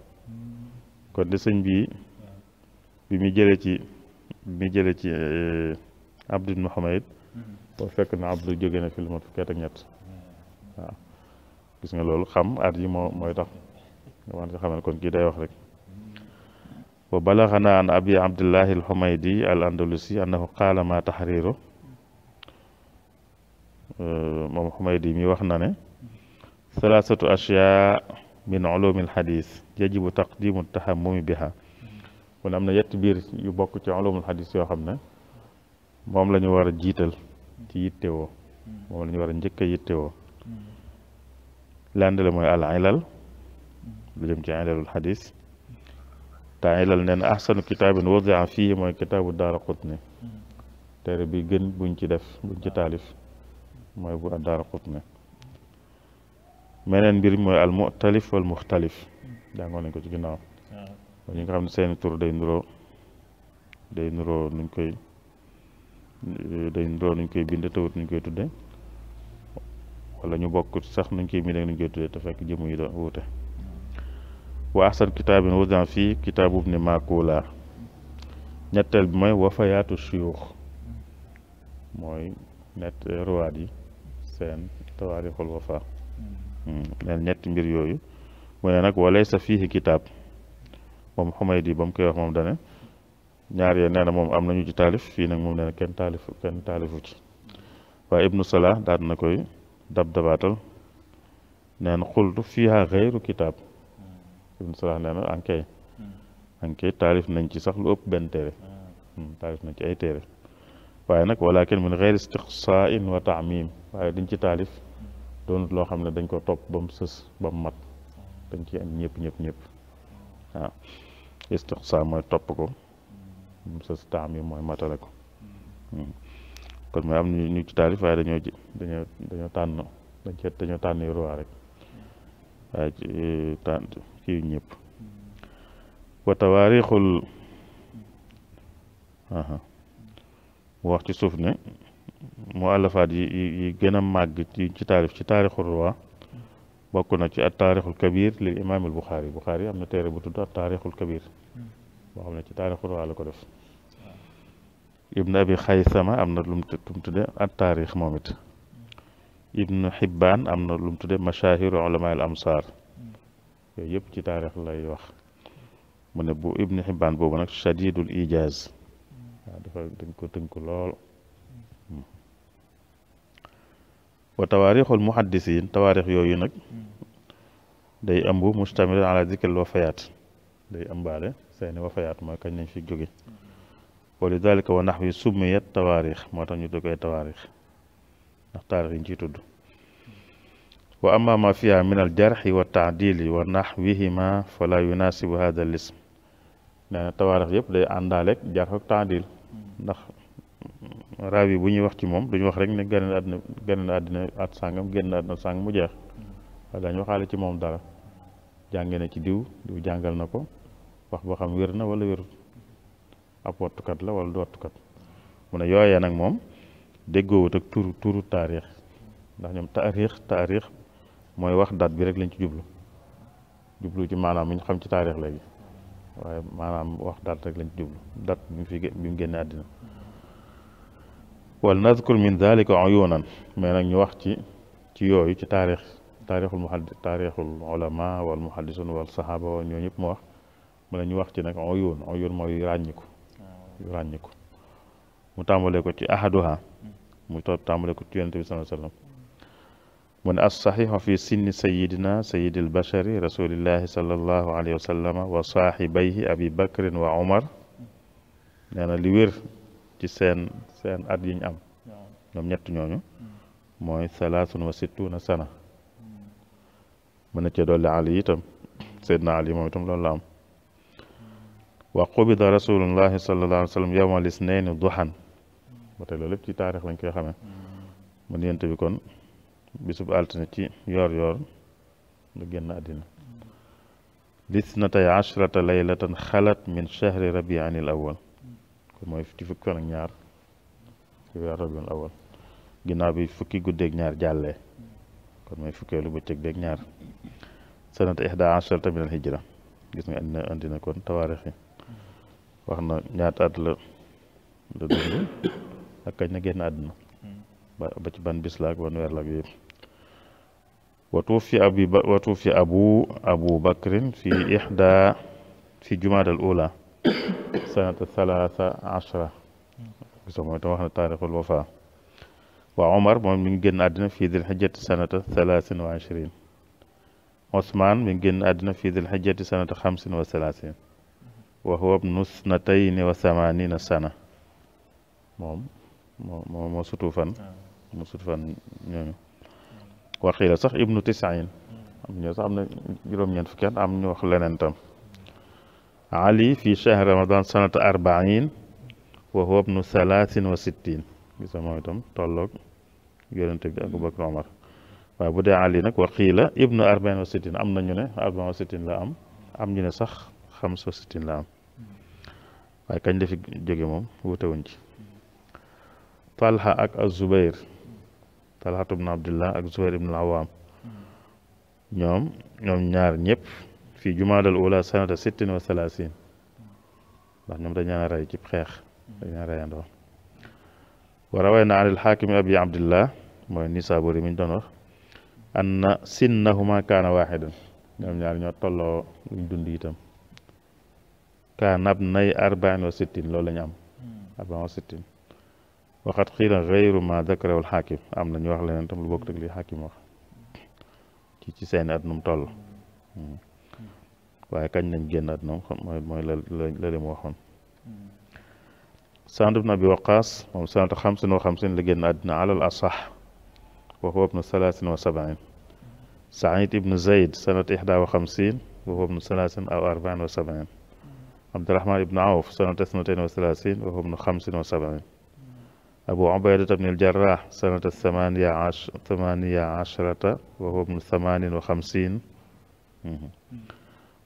كنت سنبي بمجالتي بمجالتي آه، عبد بن حمير وفكنا عبد جوجنا في الموت كاتنجت. آه. بس نقول خم أرجع ما ما يتح. وانا خم الكون كده يخرج. وبلغنا عن أبي عبد الله الحميدي الأندلسي أنه قال ما تحريره. مام حميدي مي واخنا نه ثلاثه اشياء من علوم الحديث يجب تقديم التهمم بها ونامنا يات بير يو بوك تي علوم الحديث يو خامنا موم لا ني وارا جيتال تي ييتيو موم لا ني وارا نجهك ييتيو لاندل موي العلل بلم تي علل الحديث تعلل نن احسن كتاب وضع فيه موي كتاب الدارقطني تير بي گن بونتي داف بونتي تاليف mooy bu addaara xutne meneen mbir mooy al mutalif wal muxtalif jàngoon nañ ko ci ginnaaw ñi nga xam ne seeni tur day nuroo day nuroo nuñ koy day nuroo nuñ koy bind tawut nuñ koy tudde wala ñu bokk sax nuñ koy bind ak nuñ koy tudde te fekk jëmu yi doon wuute wa ahsan kitaabin wudan fii kitaabu ibni maakula ñetteel bi mooy wafayaatu suyuux mooy net ruwaat yi ihsaan tawaarixul wafa neen ñetti mbir yooyu mu ne nag walaysa fiihi kitaab moom xumaydi ba mu koy wax moom dane ñaar yee nee na moom am nañu ci taalif fii nag moom nee na kenn taalifu kenn taalifu ci waaye ibnu salah daal na koy dab dabaatal nee na xultu fiiha xayru kitaab ibnu salah nee na ankay ankay taalif nañ ci sax lu ëpp benn téere taalif nañ ci ay téere وينك ولكن من غير استقصاء وتعميم دنج تالف دون لو خامل دنج كو توب بوم سس بوم مات دنج ان نيب نيب نيب استقصاء ما توب كو بوم سس تعميم ما ماتلكو كون ما ام ني نيو تالف واي دانيو دانيو دانيو تانو دنج دانيو تاني روا رك واي تان كي نيب وتواريخ ال اها uh -huh. wax ci souf ne mualafat yi yi gën a ci ci taarix ci tarikhul ruwa bokku na ci at tarikhul kabir li imam al bukhari bukhari amna téré bu tudd at taarixul kabir bo xamne ci tarikhul ruwa lako def ibn abi khaysama amna lum lu tudde at tarikh momit ibn hibban amna lum tudde mashahir ulama al amsar yoyep ci tarikh lay wax mune bu ibn hibban bobu nak shadidul ijaz waaw dafa dañ ko tënk lool wa tawaarixul muhaddisiin tawaarix yooyu nag day ëmb mustamil ala zikril wafayaat day ëmbaale seeni wafayaat mooy kañ lañ fi jóge wa li dalika wa naxwi summiyat tawaarix moo tax ñu tudd koy tawaarix ndax taarix yi ñu ciy tudd wa amma ma fiha min al jarxi wa taadili wa naxwihima fala yunasibu hada al ism nee na tawaarix yëpp day àndaaleeg jarx ak taadil ndax raaw yi bu ñuy wax ci moom duñu wax rek ne gane na àddina at sàngam génn na sàng mu jeex waaye daañu waxaale ci moom dara jànge na ci diw diw jàngal na ko wax boo xam wér na walla wérut ab wattukat la wala du wattukat mu ne yooyee nag moom déggoowut ak turu turu ndax ñoom taarix taarix mooy wax date bi rek lañ ci jublu jublu ci maanaam ñu xam ci taarix léegi waaye maanaam wax date rek lañ ci jublu date bi mu fi bi mu génne àddina wal nazkur min zalika uyunan mais nag ñu wax ci ci yooyu ci taarix taarixul muhaddis taarixul ulama wal muhaddisun wal saxaaba wal ñoo ñëpp mu wax mu ne ñu wax ci nag uyun uyun mooy ràññiku yu ràññiku mu tàmbalee ko ci ahaduha mu topp tàmbalee ko ci yonente bi sallallahu alayhi wasallam من الصحيح في سن سيدنا سيد البشر رسول الله صلى الله عليه وسلم وصاحبيه أبي بكر وعمر لأن الوير جسن سن أدين أم نم يتنيون موي ثلاث وستون سنة من تدل علي تم سيدنا علي موي تم لولام وقبض رسول الله صلى الله عليه وسلم يوم الاثنين ضحا متى لو لبتي تاريخ لنكي خامي من ينتبه bisub altine ci yoor yoor lu génn àddina lisnatay ashrata laylatan xalat min chahri rabian il awal kon mooy ci fukki fan ak ñaar ci weer rabian awal ginnaaw bi fukki guddeeg ñaar jàllee kon mooy fukkeelu bëccëg beeg ñaar sanata ihda ashrata min al hijra gis nga andina andina kon tawaarix yi wax na ñaata at la la dund ak kañ na génn àddina ba ci ban bis la ak ban weer la ak yëpp وتوفي أبي ب... وتوفي أبو أبو بكر في إحدى في جماد الأولى سنة الثلاثة عشرة تاريخ الوفاة وعمر من جن أدنى في ذي الحجة سنة ثلاث وعشرين عثمان من جن أدنى في ذي الحجة سنة خمس وثلاثين وهو ابن اثنتين وثمانين سنة مو مو مو مو مو مو مو مو وقيل صح ابن تسعين علي في شهر رمضان سنة أربعين وهو ابن ثلاث وستين بسمعتم طلق يرنتبه أبو بكر عمر وابدا علي نك وقيل ابن أربعين وستين أم نجنة أربعين وستين لا أم أم نجنة صح خمس وستين لا أم وكان في جيجي موم وطونج طلحة أك الزبير talhat ibn abdullah ak zuhair ibn al ñom ñom ñoom ñaar ñëpp fii jumaadal ula sanata 36 ndax ñom dañ leen ray ci xex dañ leen reyandoo wa rawayna an al-hakim abi abdullah moy nisaburi min don wax anna sinnahuma kaana waaxidan ñom ñaar ñoo tolo luñ dund itam kaanab nay arbaan wa sittin loolu la am arbaan وقد قيل غير ما ذكره الحاكم أم لن يوحل أن تم البوك تقلي حاكم وخ كي تي سين أدنم طول وهي كان ننجين أدنم خم للي موخون سعد بن أبي وقاص من سنة خمس وخمسين لجن أدنى على الأصح وهو ابن ثلاث وسبعين سعيد بن زيد سنة إحدى وخمسين وهو ابن ثلاث أو أربعين وسبعين عبد الرحمن بن عوف سنة اثنتين وثلاثين وهو ابن خمس وسبعين أبو عبيدة بن الجراح سنة الثمانية عشر ثمانية عشرة وهو ابن ثمان وخمسين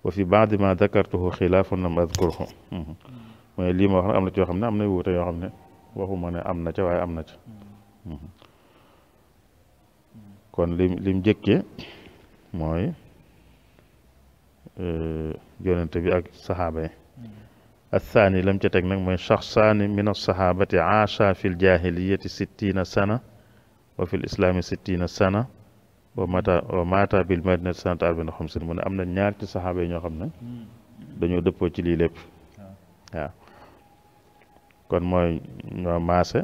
وفي بعض ما ذكرته خلاف لم أذكره ويلي ما أخرى أمنا جوخمنا أمنا يوتا يوخمنا وهو من أمنا جوايا أمنا جو كون لم لم جكي موي يونتبي آه، أك صحابي athaani lam ca teg nag mooy shaxsaani min alsahaabati aasha fi ljahiliyati sittina sana wa fi lislaami sittina sana wa mata wa mata bil madinati sanata arbina xamsin mu ne am na ñaar ci saxaaba yi ñoo xam ne dañoo dëppoo ci lii lépp waaw kon mooy ñoo maase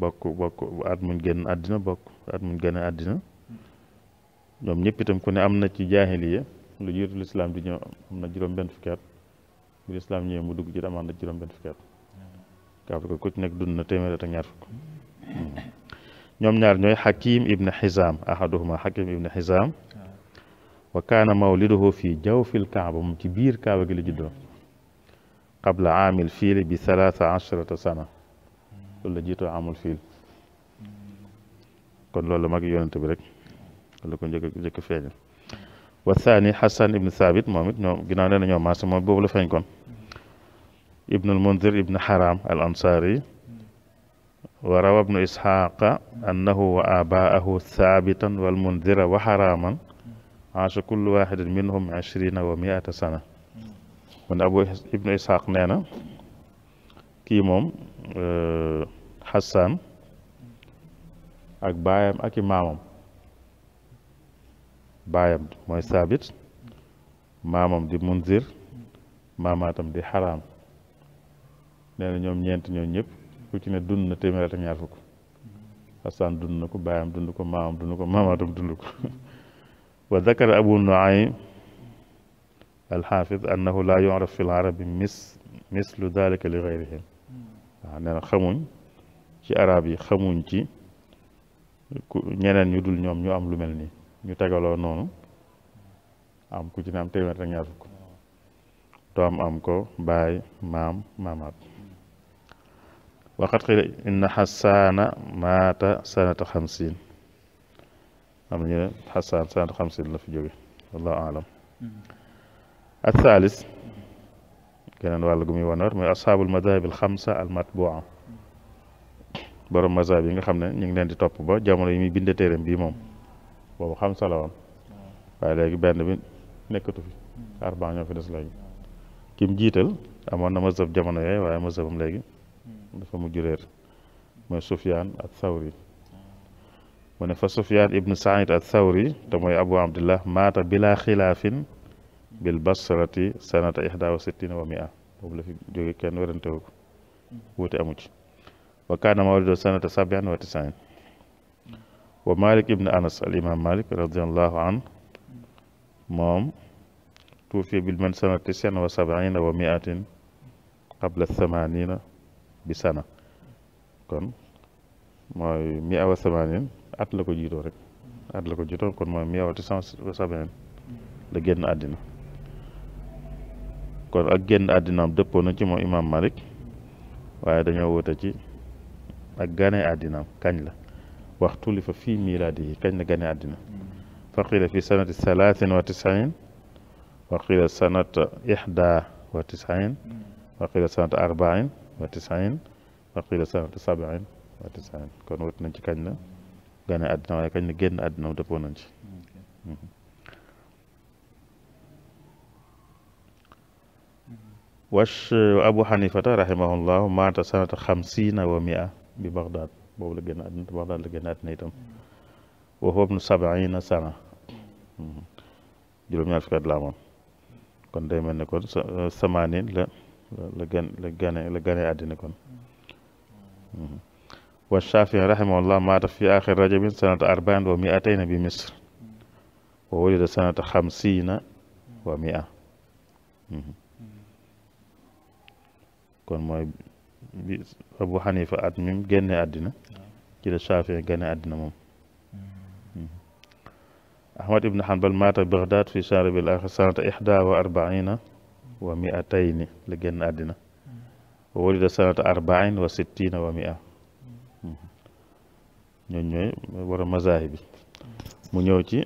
bokk at muñ génn àddina bokk at muñ génn àddina ñoom ñëpp itam ku ne am na ci jaahiliya lu jiitu na juróom benn fukki bu lislaam ñëwee mu dugg ci amaan na juróom benn fukki at mm-hmm. ko ku nekk dund na téeméer ak fukk mm-hmm. ñoom ñaar ñooy xakim ibn xizaam ahaduhuma xakim ibn xizaam wa kaana mawliduhu fi jawfil kaaba moom kaaba gi la juddoo qabla aamil fiil bi sana mm-hmm. loolu la jiitoo amul fiil kon loolu mag yonent bi rek loolu ko njëkk njëkk feeñal والثاني حسن ابن ثابت محمد جنانا لنا يوم عاصم محمد بقول فينكم ابن المنذر ابن حرام الأنصاري وروى ابن إسحاق أنه وآباءه ثابتا والمنذر وحراما عاش كل واحد منهم عشرين ومائة سنة من أبو ابن إسحاق نانا كيموم حسن أكبايم أكي baayam mooy saabit maamam di munzir maamaatam di xaraam nee na ñoom ñeent ñoo ñëpp ku ci ne dund na téeméer ak ñaar fukk xasaan dund na ko baayam dund ko maamam dund ko maamaatam dund ko wa dakara abu nuaym alxaafid annahu laa yuraf fi larabi mis mislu dalika li gayrihim waaw nee na xamuñ ci arab yi xamuñ ci ñeneen ñu dul ñoom ñu am lu mel nii ñu tegaloo noonu am ku ci ne am téeméer ak ñaar fukk doom am ko baay maam maamaat waxat xila inna xasaana maata sanata xamsin am ñu ne xasaan sanata xamsin la fi jóge wallahu alam al thalis geneen wàll gu muy wanoor mooy ashaabul madahib al xamsa al matbua borom mazhab yi nga xam ne ñu ngi leen di topp ba jamono yi muy binde téeréem bii moom boobu xamsa la woon waaye léegi benn bi nekkatu fi arbaa ñoo fi des léegi kim jiital amoon na mazhab jamono yooyu waaye mazhabam léegi dafa mujj réer mooy Sufyaan ak Thawri mu ne fa Sufyaan ibnu Saïd ak Thawri te mooy Abu Abdillah maata bilaa xilaafin bil basrati sanata ihdaa wa sittina wa mia boobu la fi jóge kenn werantewu ko wuute amu ci wa kaana mawlidu sanata sabian wa tisaain ومالك ابن أنس الإمام مالك رضي الله عنه مام توفي بالمن سنة تسعة وسبعين ومائة قبل الثمانين بسنة كن مائة وثمانين أطلق جيدورك أطلق جيدورك كان مائة وتسعة وسبعين لجن أدنى كن أجن أدنى دبونا جمع إمام مالك وعندنا هو تجي أجن أدنى كنلا واختلف في ميلاده كان غني عدنا فقيل في سنة ثلاث وتسعين وقيل سنة إحدى وتسعين وقيل سنة أربعين وتسعين وقيل سنة سبعين وتسعين كون وقت نجي كان غني عدنا ولكن جن عدنا ودبو نجي وش أبو حنيفة رحمه الله مات سنة خمسين ومئة ببغداد بولا جنات نيتم وهو ابن سبعين سنة جلوم يعرف كاد لامون كون داي ملني كون سمانين لا لا جن لا جاني لا والشافعي رحمه الله مات في آخر رجب سنة أربعين ومئتين بمصر وولد سنة خمسين ومئة كون موي bi Abu Hanifa at mi mu génne àddina ci la Shaafi génne àddina moom Ahmad ibn Hanbal maata Baghdad fi charibil axir sanata ixda wa arbaina wa miatayni la génn àddina wa walida sanata arbain wa sittina wa mia ñooñ ñooy borom mazahib bi mu ñëw ci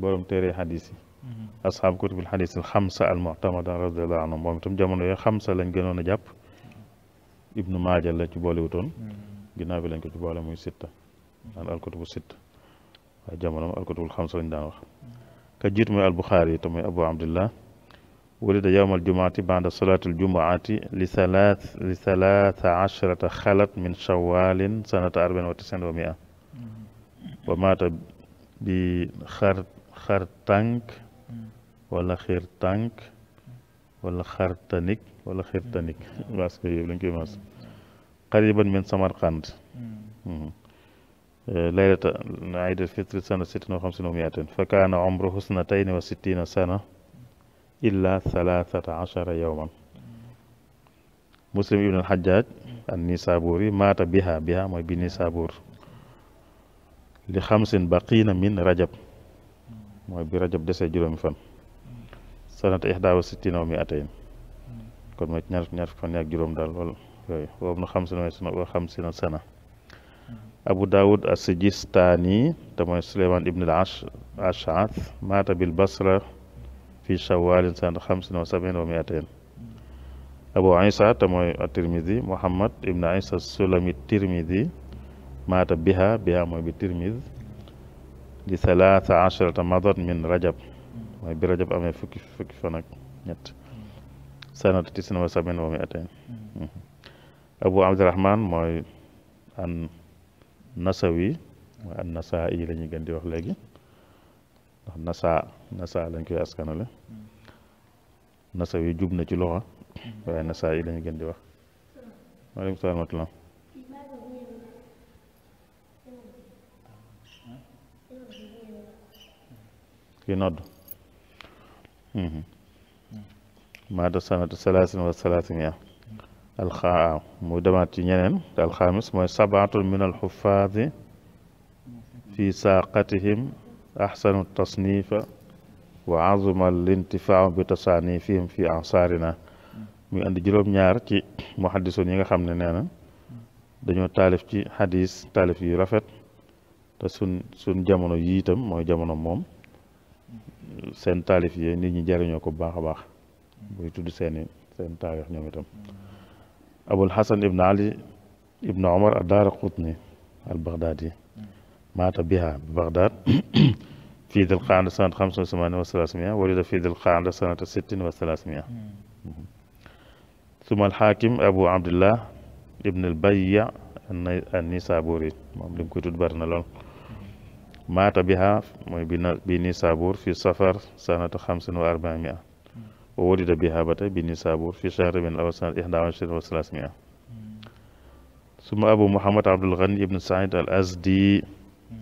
borom téere xadis yi asxaab kutubil xadis al xamsa al mutamada radiallahu anhum moom itam jamono yooyu xamsa lañ gënoon a jàpp ibnu maaja lañ ci boolewutoon ginnaaw bi lañ ko ci boole muy sitta daan alkutubu sitta waaye jamono alkutubul xamsa lañ daan wax ka jiitu muy albuxaari te muy abu abdillah ولد يوم الجمعة بعد صلاة الجمعة لثلاث لثلاث عشرة خلت من شوال سنة أربع وتسعين ومائة ومات بخرطنك ولا خيرطنك ولا xartanik ولا xirtanik باسكو que yëpp ماس قريبا من سمرقند آه، ليلة عيد الفطر سنة ست وخمسين ومائتين فكان عمره سنتين وستين سنة إلا ثلاثة عشر يوما مسلم ابن الحجاج النسابوري مات بها بها ما سابور لخمس بقين من رجب ما برجب دسي جرم فن سنة 61 أو 200 كون ما تنعرف نعرف فني أجرم دار ولا هو من خمسين سنة أو خمسين سنة أبو داود السجستاني تمام سليمان ابن العش عشاث مات بالبصرة في شوال سنة خمسين وسبعين أو مئتين أبو عيسى تمام الترمذي محمد ابن عيسى السلمي الترمذي مات بها بها ما بالترمذ لثلاث عشرة مضت من رجب mooy bi rajab amee fukki fukki fan ak ñett sanatu tisina wa samin wa mi ateen mm-hmm. abu abdurahman mooy an nasawi mooy an nasa yi la gën di wax léegi ndax nasaa nasa lañ koy askanale mm-hmm. nasawi jub na ci loxo mm-hmm. waaye nasa yi lañuy gën di wax maaleykum salaam kii nodd ماذا سنة ثلاثين والثلاثين يا الخاء مدمات ينن نعم. الخامس ما سبعة من الحفاظ في ساقتهم أحسن التصنيف وعظم الانتفاع بتصانيفهم في أنصارنا من الجروم يارك محدثون يجا خم نعم. نينا دنيو تالف كي حديث تالف يرفت تسون سون جمانو ييتم ما جمانو موم sen talif yi nit ñi jarriño ko bu baax baax buy tudd sen sen taarix ñom itam abul hasan ibn ali ibn omar adar qutni al baghdadi mata biha baghdad fii dil qaada sanata xamsin wa samanin wa salaasmia walida fii dil qaada sanata sittin wa salaasmia suma alxaakim abu abdillah ibn al bayya an nisaburi مات بها بني صابور في سفر سنه 5400 وولد بها بتا بني صابور في شهر من الاوسط 1300 ثم ابو محمد عبد الغني بن سعيد الازدي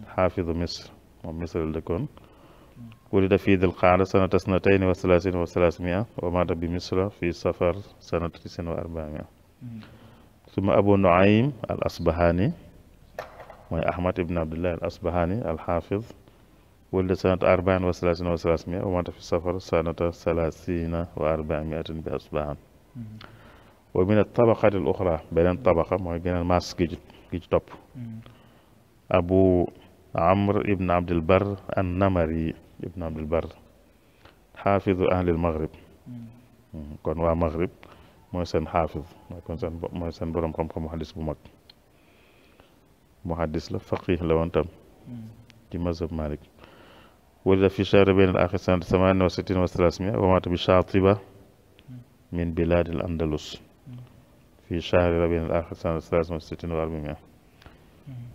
حافظ مصر ومصر لكون ولد في ذي القعده سنه 32 و300 ومات بمصر في سفر سنه 940 ثم ابو نعيم الاصبهاني mooy ahmad ibn abdullah al asbahani al xaafid wulida sanata arbaan wa salaasina wa salaasmiya wa mata fi safar sanata salaasina wa arbaamiatin bi asbahan wa min altabaqat al oxra beneen tabaqa mooy geneen maas gi ci topp abu amr ibn abdul bar an namari ibn abdul bar xaafidu ahlil maghrib kon waa maghrib mooy seen xaafid mooy kon seen mooy seen borom xam-xam hadis bu mag محدث لا فقيه la woon في مذهب مالك ولد في شهر بين الآخر سنة 68 و 300 ومات بشاطبة من بلاد الأندلس في شهر بين الآخر سنة 63 و 400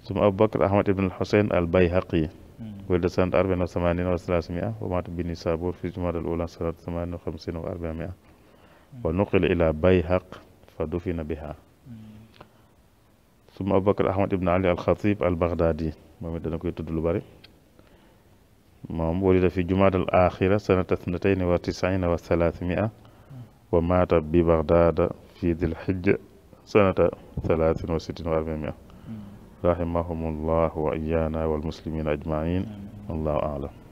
ثم أبو بكر أحمد بن الحسين البيهقي ولد سنة 84 و 300 ومات بنيسابور في جمادى الأولى سنة 58 و 400 ونقل إلى بيهق فدفن بها ثم أبو بكر أحمد بن علي الخطيب البغدادي محمد أنا كنت أدل باري محمد ولد في جمعة الآخرة سنة 92 و300 ومات ببغداد في ذي الحجة سنة 63 و400 رحمهم الله وإيانا والمسلمين أجمعين الله أعلم